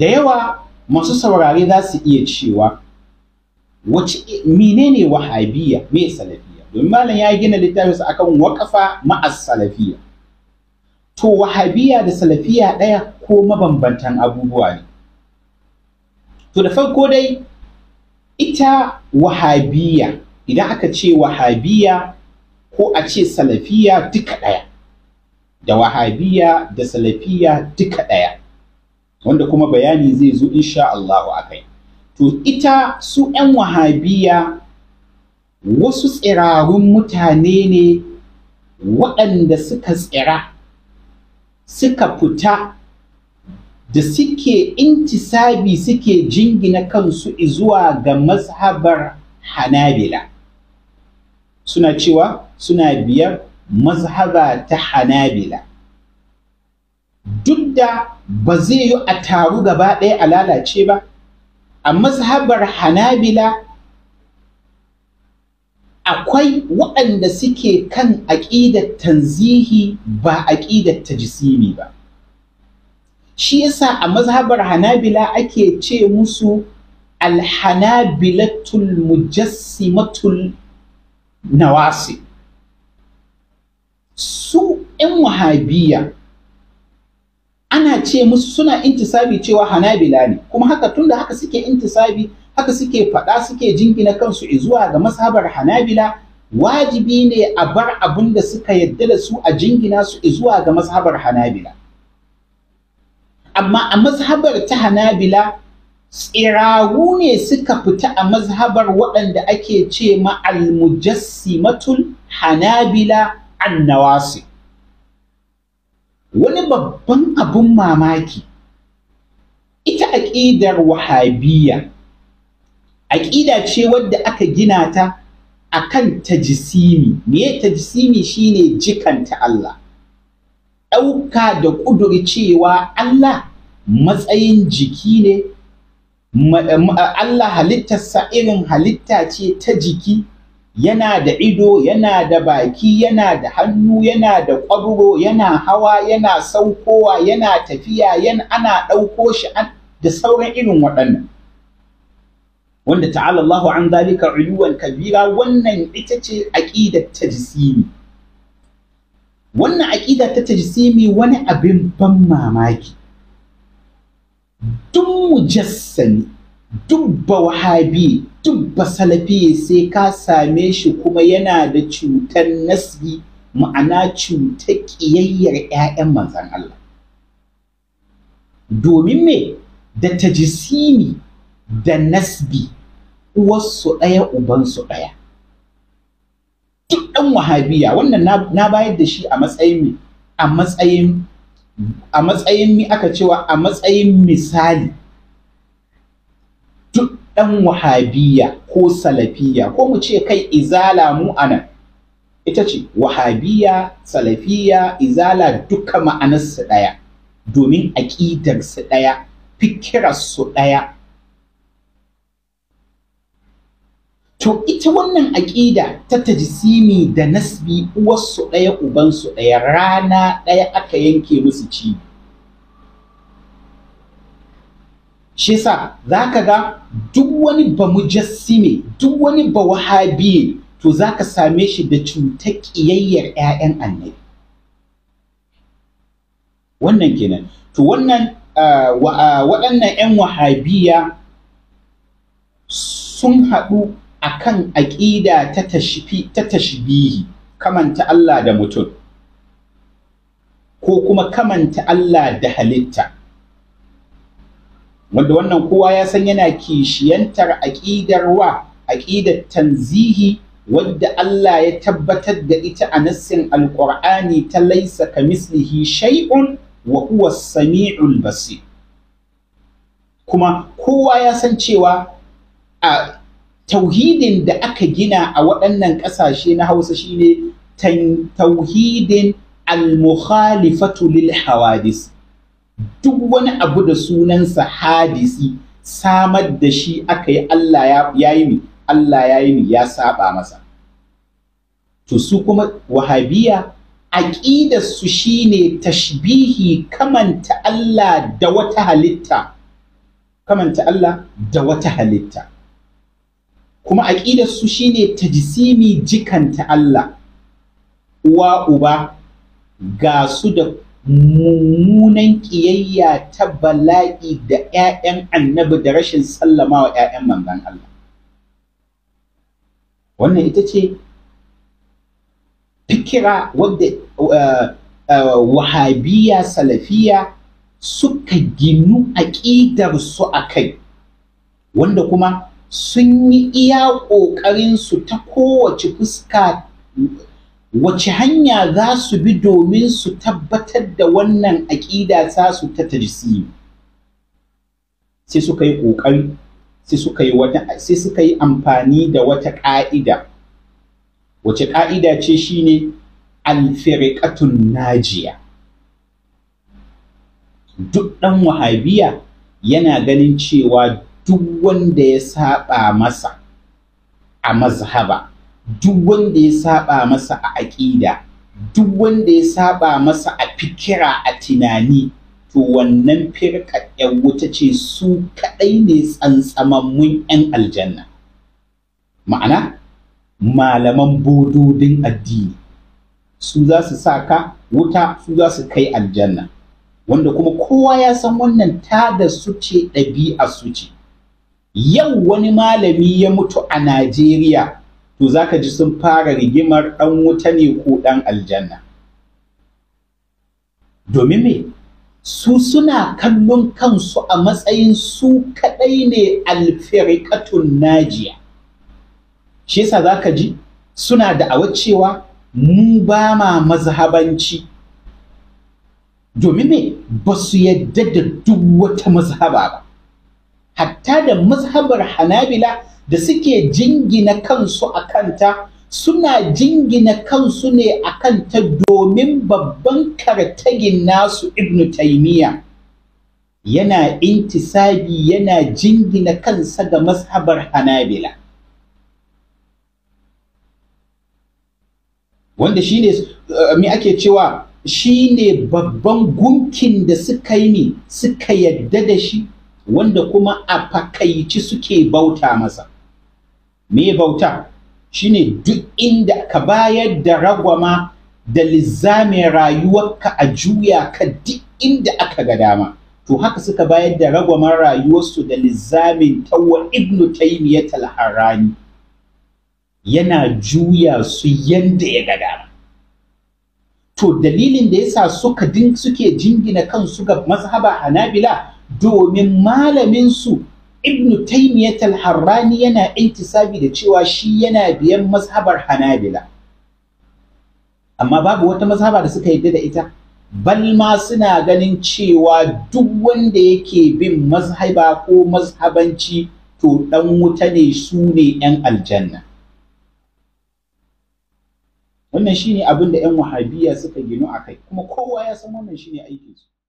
da yawa masu saurare za su iya cewa wace menene wahabiyya me salafiyya domin malam ya gina littafinsa akan waƙafa ma'as salafiyya to Wahabiya da Salafiya ɗaya ko mabambantan abubuwa ne to da farko dai ita Wahabiya, idan aka ce Wahabiya, ko a ce Salafiya duka ɗaya da Wahabiya da Salafiya duka ɗaya wanda kuma bayani zai zo insha Allahu akai to ita su 'yan wahabiya wasu tsirarun mutane ne waɗanda suka tsira suka fita da suke intisabi suke jingina kansu zuwa ga mazhabar hanabila suna cewa suna biyar mazhaba ta hanabila duk da ba zai yi a taru gaba ɗaya a lalace ba a mazhabar hanabila akwai waɗanda suke kan aƙidar tanzihi ba aƙidar tajisimi ba shi yasa a mazhabar hanabila ake ce musu alhanabilatul mujassimatul nawasi su 'yan wahabiya ana ce musu suna intisabi cewa hanabila ne kuma haka tunda haka suke intisabi haka suke faɗa suke jingina kansu zuwa ga mashabar hanabila wajibi ne a bar abin da suka yadda da su a jingina su zuwa ga mashabar hanabila amma a mazhabar ta hanabila tsirawu ne suka fita a mazhabar waɗanda ake ce ma almujassimatul hanabila an-nawasi wani babban abun mamaki ita aƙidar wahabiyya aƙida ce wadda aka gina ta a kan tajisimi me tajisimi shine jikanta Allah ɗauka da ƙuduri cewa Allah matsayin jiki ne Allah halittarsa irin halitta ce ta jiki yana da ido yana da baki yana da hannu yana da ƙwabro yana hawa yana saukowa yana tafiya yana ana ɗauko shi da sauran irin waɗannan wanda ta'ala Allahu an zalika uluwan kabira wannan ita ce aqidar tajsimi wannan aƙida ta tajsimi wani abin ban mamaki duk mujassani, duk wahabi duk ya sai ka same shi kuma yana da cutar nasbi ma'ana cutar ƙiyayyar 'ya'yan manzan Allah domin me da tajisimi da nasbi uwarsu ɗaya ubansu ɗaya duk ɗan wahabiya wannan na bayar da shi a matsayin a matsayin a matsayin mi aka cewa a matsayin misali ɗan wahabiyya ko salafiyya ko mu ce kai izala mu anan ita ce wahabiyya salafiyya izala duka ma'anarsu ɗaya domin aƙidarsu ɗaya fikirarsu ɗaya to ita wannan aƙida ta tajisimi da nasbi uwarsu ɗaya ubansu ɗaya rana ɗaya aka yanke musu cibi shi yasa ka ga duk wani ba mujassime duk wani ba ne to za ka same shi da cutar ƙiyayyar 'ya'yan annabi wannan kenan to wannan waɗannan 'yan wahabiya sun haɗu a kan aƙida ta tashbihi kamanta Allah da mutum ko kuma kamanta Allah da halitta wanda wannan kowa ya san yana kishiyantar aƙidar wa aƙidar tanzihi wadda Allah ya tabbatar da ita a nassin alƙur'ani ta laisa ka mislihi shay'un wa huwa sami'ul kuma kowa ya san cewa a tauhidin da aka gina a waɗannan ƙasashe na hausa shine tauhidin al-mukhalifatu lil hawadis duk wani abu da sunansa hadisi samar da shi aka yi Allah ya yi ni Allah ya yi ni ya saba masa to su kuma wahabiya aƙidarsu shine tashbihi kamanta Allah da wata halitta kamanta Allah da wata halitta kuma aƙidarsu shine tajsimi jikanta Allah uwa uba ga su da mummunan ƙiyayya ta bala'i da 'ya'yan annabi da rashin sallama wa 'ya'yan manzan Allah wannan ita ce fikira wadda uh, uh, wahabiya salafiya suka ginu a aƙidarsu a kai wanda kuma sun yi iya ƙoƙarinsu ta kowace fuska wace hanya za su bi domin su tabbatar da wannan aƙida ta su ta tarsi? sai suka yi ƙoƙari sai suka yi amfani da wata ƙa'ida wace ƙa'ida ce shine alfirqatun najiya duk ɗan wahabiya yana ganin cewa duk wanda ya saba masa a mazhaba duk wanda ya saba masa a aƙida duk wanda ya saba masa a fikira a tunani to wannan firka ‘yan wuta ce su kaɗai ne tsantsamammun ‘yan aljanna ma'ana malaman bododin addini su za su sa ka wuta su za su kai aljanna wanda kuma kowa ya san wannan ta da su ce ɗabi'a su ce yau wani malami ya mutu a najeriya to zaka ji sun fara rigimar ɗan wuta ne ko ɗan aljanna domin me su suna kallon kansu a matsayin su kaɗai ne alfirikatun najiya shi yasa zaka ji suna da cewa mu ba ma mazhabanci domin me ba su yadda da duk wata mazhaba ba hatta da mazhabar hanabila da suke jingina kansu a kanta suna jingina kansu ne a kanta domin babban kartagin nasu ibnu taimiya yana intisabi yana jingina kansa ga mashabar hanabila wanda shi ne eh, mi ake cewa shi ne babban gunkin da suka yi ne suka yadda da shi wanda kuma a fakaici suke bauta masa me bauta shine duk inda ka bayar da ragwama da lizzame rayuwarka a juya ka duk inda aka ga dama to haka suka bayar da ragwaman rayuwarsu da lizamin tawwa ibnu taymiyyah al harani yana juya su yanda ya ga dama to dalilin da yasa suka din suke jingina kansu ga mazhaba hanabila domin malamin su ibn taymiyat al-harrani yana intisabi da cewa shi yana biyan mazhabar hanabila amma babu wata mazhaba da suka yadda da ita Balma suna ganin cewa duk wanda yake bin mazhaba ko mazhabanci to dan wuta ne su ne yan aljanna wannan shine abin da yan wahabiya suka ginu kai, kuma kowa ya san wannan shine aikinsu